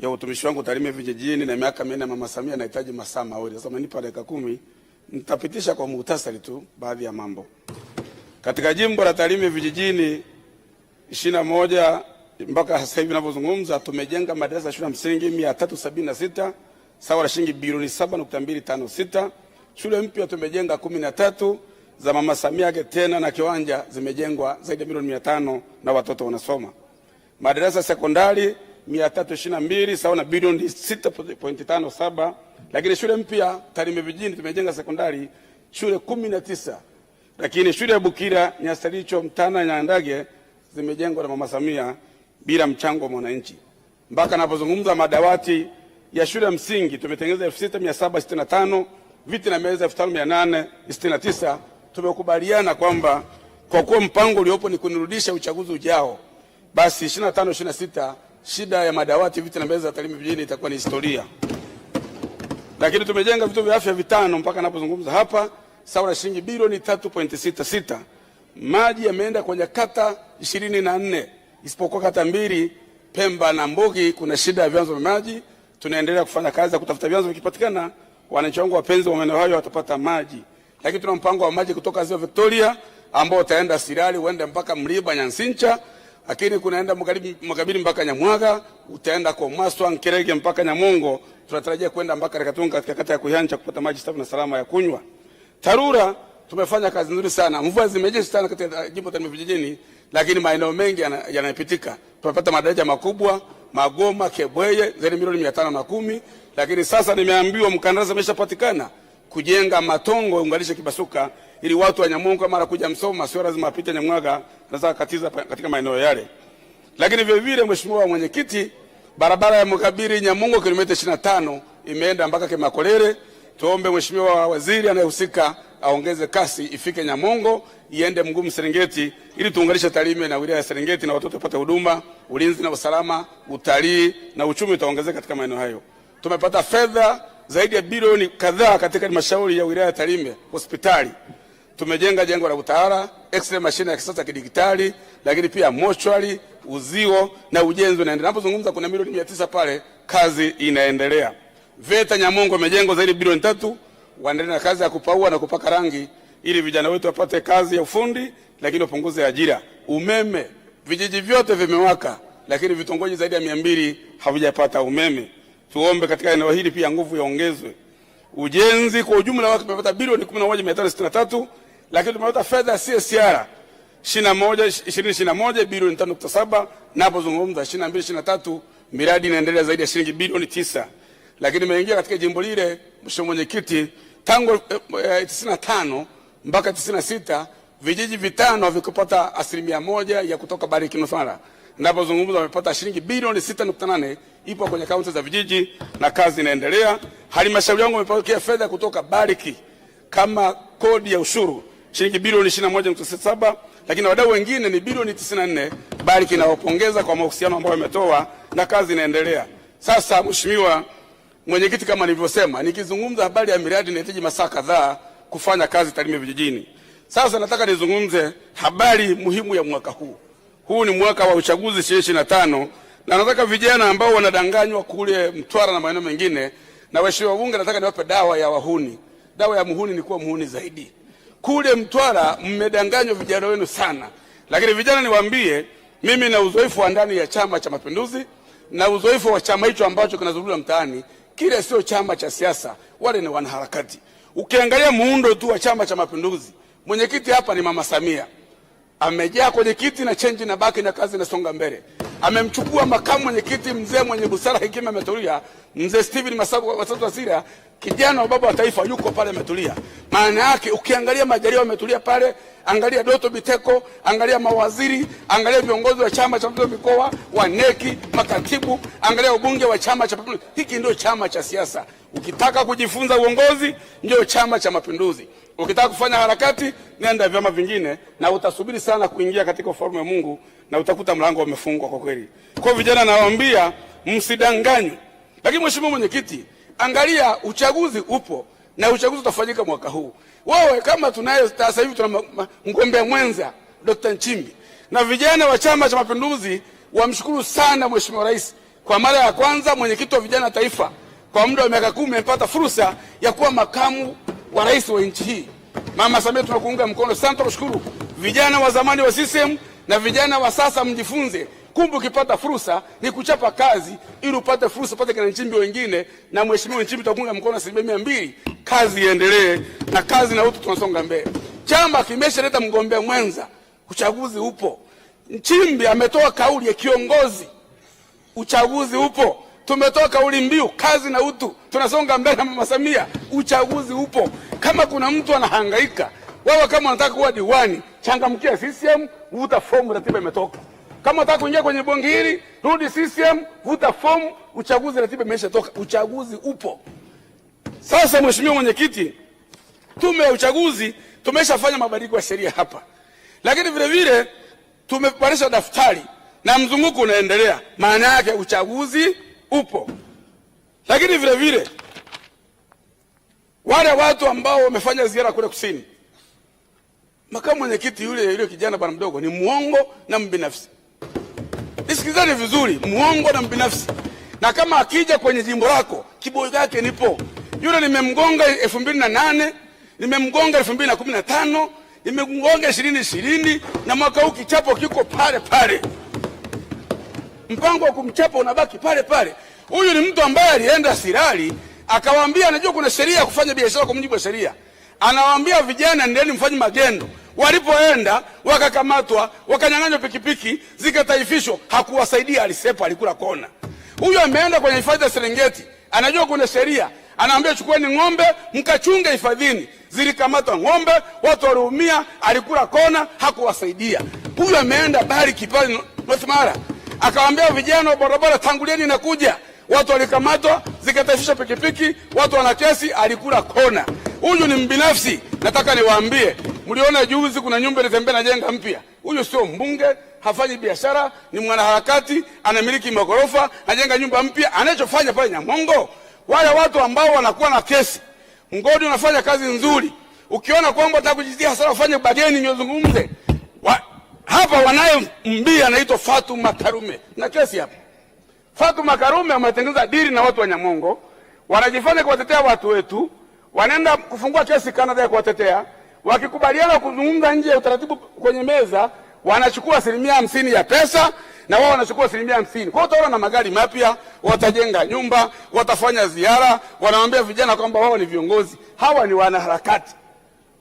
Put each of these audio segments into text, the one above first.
ya utumishi wangu Tarime vijijini na miaka minne Mama Samia, nahitaji masaa mawili. Sasa umenipa dakika kumi, nitapitisha kwa muhtasari tu baadhi ya mambo katika jimbo la Tarime vijijini ishirini na moja mpaka sasa hivi ninavyozungumza tumejenga madarasa ya shule ya msingi 376 sawa na shilingi bilioni 7.256. Shule mpya tumejenga 13 za Mama Samia yake tena na kiwanja zimejengwa zaidi ya milioni 500 na watoto wanasoma. Madarasa sekondari 322 sawa na bilioni 6.57, lakini shule mpya Tarime vijijini tumejenga sekondari shule 19, lakini shule ya Bukira, Nyasaricho, Mtana, na Ndage zimejengwa na Mama Samia bila mchango wa mwananchi. Mpaka napozungumza madawati ya shule ya msingi tumetengeneza 6765 viti na meza 5869. Tumekubaliana kwamba kwa kuwa mpango uliopo ni kunirudisha uchaguzi ujao, basi 25 26 shida ya madawati, viti na meza za talimu vijijini itakuwa ni historia, lakini tumejenga vituo vya afya vitano mpaka napozungumza hapa, sawa na shilingi bilioni 3.66. Maji yameenda kwenye kata 24 isipokuwa kata mbili, Pemba na Mbogi, kuna shida ya vyanzo vya maji. Tunaendelea kufanya kazi ya kutafuta vyanzo, vikipatikana wananchi wangu wapenzi wa maeneo hayo watapata maji. Lakini tuna mpango wa maji kutoka ziwa Victoria ambao utaenda Sirali uende mpaka Mliba Nyansincha lakini kunaenda Makabiri mpaka Nyamwaga, utaenda kwa Maswa Nkerege mpaka Nyamongo. Tunatarajia kwenda mpaka Rekatunga katika kata ya Kuhanja kupata maji safi na salama ya kunywa. TARURA tumefanya kazi nzuri sana, mvua zimenyesha sana katika eh, jimbo la vijijini, lakini maeneo mengi yanayopitika Tumepata madaraja makubwa Magoma, Kebweye zaidi milioni mia tano na kumi, lakini sasa nimeambiwa mkandarasi ameshapatikana kujenga Matongo unganishe Kibasuka ili watu wa Nyamongo mara kuja Msoma sio lazima apite Nyamwaga, naweza katiza katika maeneo yale. Lakini vile vile, mheshimiwa mwenyekiti, barabara ya Mkabiri Nyamongo kilomita 25 imeenda mpaka Kemakolere. Tuombe mheshimiwa waziri anayehusika aongeze kasi ifike Nyamongo iende Mgumu Serengeti ili tuunganishe Tarime na wilaya ya Serengeti na watoto wapate huduma, ulinzi na usalama, utalii na uchumi utaongezeka katika maeneo hayo. Tumepata fedha zaidi ya bilioni kadhaa katika halmashauri ya wilaya ya Tarime hospitali Tumejenga jengo la utawala, x-ray mashine ya kisasa kidigitali, lakini pia mochwari, uzio na ujenzi unaendelea. Ninapozungumza kuna milioni mia tisa pale, kazi inaendelea. VETA Nyamongo imejengwa zaidi bilioni tatu, waendelea na kazi ya kupaua na kupaka rangi ili vijana wetu wapate kazi ya ufundi, lakini wapunguze ajira. Umeme, vijiji vyote vimewaka, lakini vitongoji zaidi ya mia mbili havijapata umeme. Tuombe katika eneo hili pia nguvu iongezwe. Ujenzi kwa ujumla wake umepata bilioni 11,563 lakini tumepata fedha ya CSR 2021 bilioni 5.7, napozungumza 22 23 miradi inaendelea zaidi ya shilingi bilioni 9, lakini imeingia katika jimbo lile, mheshimiwa mwenyekiti, tangu eh, 95 mpaka 96 vijiji vitano havikupata asilimia moja ya kutoka Bariki Nusara. Ninapozungumza wamepata shilingi bilioni 6.8 ipo kwenye kaunti za vijiji na kazi inaendelea. Halmashauri yangu imepokea fedha kutoka Bariki kama kodi ya ushuru shilingi bilioni 21.7, lakini wadau wengine ni bilioni 94. Bali kinawapongeza kwa mahusiano ambayo wametoa na kazi inaendelea. Sasa Mheshimiwa Mwenyekiti, kama nilivyosema, nikizungumza habari ya miradi inahitaji masaa kadhaa kufanya kazi Tarime vijijini. Sasa nataka nizungumze habari muhimu ya mwaka huu. Huu ni mwaka wa uchaguzi 2025 na nataka vijana ambao wanadanganywa kule Mtwara na maeneo mengine, na waheshimiwa wabunge, nataka niwape dawa ya wahuni. Dawa ya muhuni ni kuwa muhuni zaidi. Kule Mtwara mmedanganywa vijana wenu sana, lakini vijana niwaambie, mimi na uzoefu wa ndani ya Chama cha Mapinduzi na uzoefu wa chama hicho ambacho kinazungumza mtaani. Kile sio chama cha siasa, wale ni wanaharakati. Ukiangalia muundo tu wa Chama cha Mapinduzi, mwenyekiti hapa ni Mama Samia, amejaa kwenye kiti na chenji na baki na kazi songa mbele amemchukua makamu mwenyekiti mzee mwenye busara, hekima, ametulia, mzee Steven Masabu kwa watoto wa Syria, kijana wa baba wa taifa, yuko pale ametulia. Maana yake ukiangalia Majaliwa ametulia pale, angalia Doto Biteko, angalia mawaziri, angalia viongozi wa chama cha mikoa wa neki, makatibu, angalia ubunge wa chama cha mapinduzi. Hiki ndio chama cha siasa. Ukitaka kujifunza uongozi, ndio chama cha mapinduzi. Ukitaka kufanya harakati, nenda vyama vingine, na utasubiri sana kuingia katika ufalme wa Mungu, na utakuta mlango umefungwa kwa kweli. Kwa vijana, nawaambia msidanganywe. Lakini mheshimiwa mwenyekiti, angalia uchaguzi upo na uchaguzi utafanyika mwaka huu. Wewe kama tunaye sasa hivi tuna mgombea mwenza Dr. Nchimbi, na vijana wa Chama cha Mapinduzi wamshukuru sana mheshimiwa rais. Kwa mara ya kwanza mwenyekiti wa vijana taifa kwa muda wa miaka kumi amepata fursa ya kuwa makamu wa rais wa nchi hii Mama Samia, tunakuunga mkono sana. Tunakushukuru. Vijana wa zamani wa CCM na vijana wa sasa, mjifunze kumbe, ukipata fursa ni kuchapa kazi ili upate fursa, upate kina Nchimbi wengine. Na mheshimiwa Nchimbi, tutakuunga mkono asilimia mia mbili. Kazi iendelee na kazi na utu, tunasonga mbele. Chama kimeshaleta mgombea mwenza, uchaguzi upo. Nchimbi ametoa kauli ya kiongozi, uchaguzi upo. Tumetoa kauli mbiu kazi na utu, tunasonga mbele na mama Samia. Uchaguzi upo, kama kuna mtu anahangaika, wewe kama unataka kuwa diwani, changamkia CCM, vuta fomu, ratiba imetoka. Kama unataka kuingia kwenye bonge hili, rudi CCM, vuta fomu, uchaguzi, ratiba imeshatoka. Uchaguzi upo. Sasa mheshimiwa mwenyekiti, tume ya uchaguzi tumeshafanya mabadiliko ya sheria hapa, lakini vile vile tumepanisha daftari na mzunguko unaendelea, maana yake uchaguzi upo, lakini vile vile wale watu ambao wamefanya ziara kule kusini, makamu mwenyekiti yule yule kijana bwana mdogo ni muongo na mbinafsi. Nisikizane vizuri, muongo na mbinafsi, na kama akija kwenye jimbo lako kiboi yake nipo. Yule nimemgonga elfu mbili na nane nimemgonga elfu mbili na kumi na tano nimemgonga ishirini ishirini na mwaka huu kichapo kiko pale pale mpango wa kumchapa unabaki pale pale. Huyu ni mtu ambaye alienda Sirali akawaambia anajua kuna sheria ya kufanya biashara kwa mujibu wa sheria, anawaambia vijana, endeni mfanye magendo. Walipoenda wakakamatwa, wakanyang'anywa pikipiki, zikataifishwa. Hakuwasaidia, alisepa, alikula kona. Huyu ameenda kwenye hifadhi ya Serengeti, anajua kuna sheria, anaambia chukueni ng'ombe mkachunge hifadhini. Zilikamatwa ng'ombe, watu waliumia, alikula kona, hakuwasaidia. Huyu ameenda Bari Kipale, North Mara akawaambia vijana wa barabara, tangulieni na kuja. Watu walikamatwa, zikataifishwa pikipiki, watu wana kesi, alikula kona. Huyu ni mbinafsi. Nataka niwaambie, mliona juzi kuna nyumba ilitembea na jenga mpya. Huyu sio mbunge, hafanyi biashara, ni mwanaharakati, anamiliki magorofa, anajenga nyumba mpya. Anachofanya pale Nyamongo, wale watu ambao wanakuwa na kesi, mgodi unafanya kazi nzuri. Ukiona kwamba atakujitia hasara, ufanye bageni, nyozungumze hapa wanaye wanayemmbia anaitwa Fatuma Karume na kesi hapa. Fatuma Karume wametengeneza dili na watu wa Nyamongo, wanajifanya kuwatetea watu wetu, wanaenda kufungua kesi Canada ya kuwatetea. Wakikubaliana kuzungumza nje ya utaratibu kwenye meza, wanachukua asilimia hamsini ya pesa na wao wanachukua asilimia hamsini. Kwa hiyo utaona na magari mapya, watajenga nyumba, watafanya ziara, wanawaambia vijana kwamba wao ni viongozi. Hawa ni wanaharakati.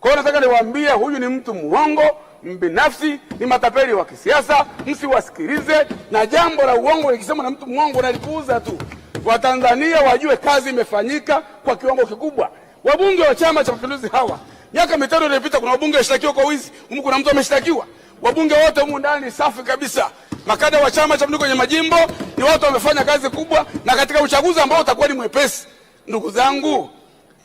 Kwa hiyo nataka niwaambie, huyu ni mtu mwongo mbinafsi, ni matapeli wa kisiasa, msiwasikilize. Na jambo la uongo likisema na mtu mwongo nalipuuza tu. Watanzania wajue kazi imefanyika kwa kiwango kikubwa. Wabunge wa Chama cha Mapinduzi hawa miaka mitano iliyopita, kuna wabunge washtakiwa kwa wizi, humu kuna mtu ameshtakiwa. Wabunge wote humu ndani safi kabisa, makada wa Chama cha Mapinduzi kwenye majimbo ni watu wamefanya kazi kubwa, na katika uchaguzi ambao utakuwa ni mwepesi, ndugu zangu,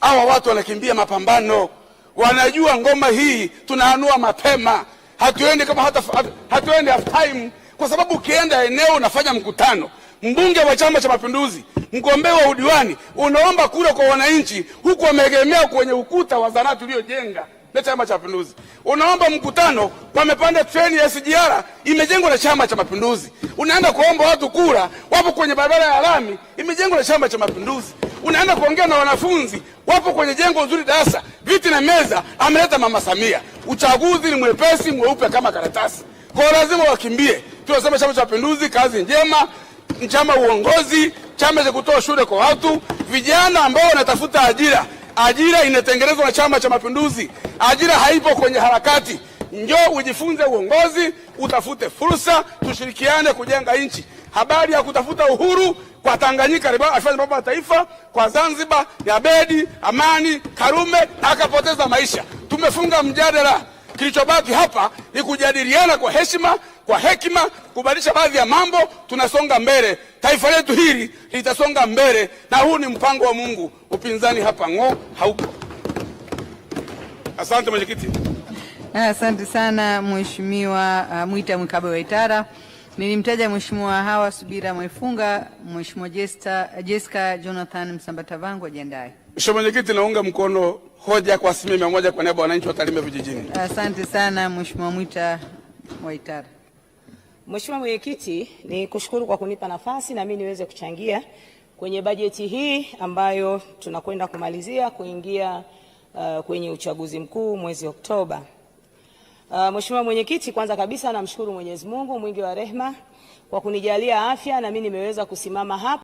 hawa watu wanakimbia mapambano wanajua ngoma hii tunaanua mapema, hatuendi kama hata, hatuendi half time, kwa sababu ukienda eneo unafanya mkutano, mbunge wa Chama cha Mapinduzi, mgombea wa udiwani, unaomba kura kwa wananchi, huku wameegemea kwenye ukuta wa zanati uliojenga na Chama cha Mapinduzi. Unaomba mkutano, pamepanda treni ya SGR imejengwa na Chama cha Mapinduzi. Unaenda kuomba watu kura, wapo kwenye barabara ya lami imejengwa na Chama cha Mapinduzi. Unaenda kuongea na wanafunzi, wapo kwenye jengo nzuri, darasa, viti na meza, ameleta mama Samia. Uchaguzi ni mwepesi mweupe kama karatasi, kwa lazima wakimbie. Tunasema Chama cha Mapinduzi, kazi njema, chama uongozi, chama cha kutoa shule kwa watu, vijana ambao wanatafuta ajira. Ajira inatengenezwa na Chama cha Mapinduzi, ajira haipo kwenye harakati. Njoo ujifunze uongozi, utafute fursa, tushirikiane kujenga nchi habari ya kutafuta uhuru kwa Tanganyika, afanye mambo ya taifa, kwa Zanzibar ya bedi, amani, Karume akapoteza maisha. Tumefunga mjadala, kilichobaki hapa ni kujadiliana kwa heshima, kwa hekima, kubadilisha baadhi ya mambo. Tunasonga mbele, taifa letu hili litasonga mbele, na huu ni mpango wa Mungu. Upinzani hapa ng'o haupo. Asante mwenyekiti. Asante sana mheshimiwa uh, Mwita Mwikabe Waitara. Nilimtaja Mheshimiwa Hawa Subira Mwaifunga, Mheshimiwa Jessica Jonathan Msambata Msambatavangu ajiandae. Mheshimiwa Mwenyekiti, naunga mkono hoja kwa asilimia mia moja kwa niaba ya wananchi wa Tarime vijijini. Asante sana Mheshimiwa Mwita Waitara. Mheshimiwa Mwenyekiti, ni kushukuru kwa kunipa nafasi na mimi niweze kuchangia kwenye bajeti hii ambayo tunakwenda kumalizia kuingia uh, kwenye uchaguzi mkuu mwezi Oktoba. Uh, Mheshimiwa Mwenyekiti, kwanza kabisa namshukuru Mwenyezi Mungu mwingi wa rehema kwa kunijalia afya na mimi nimeweza kusimama hapa.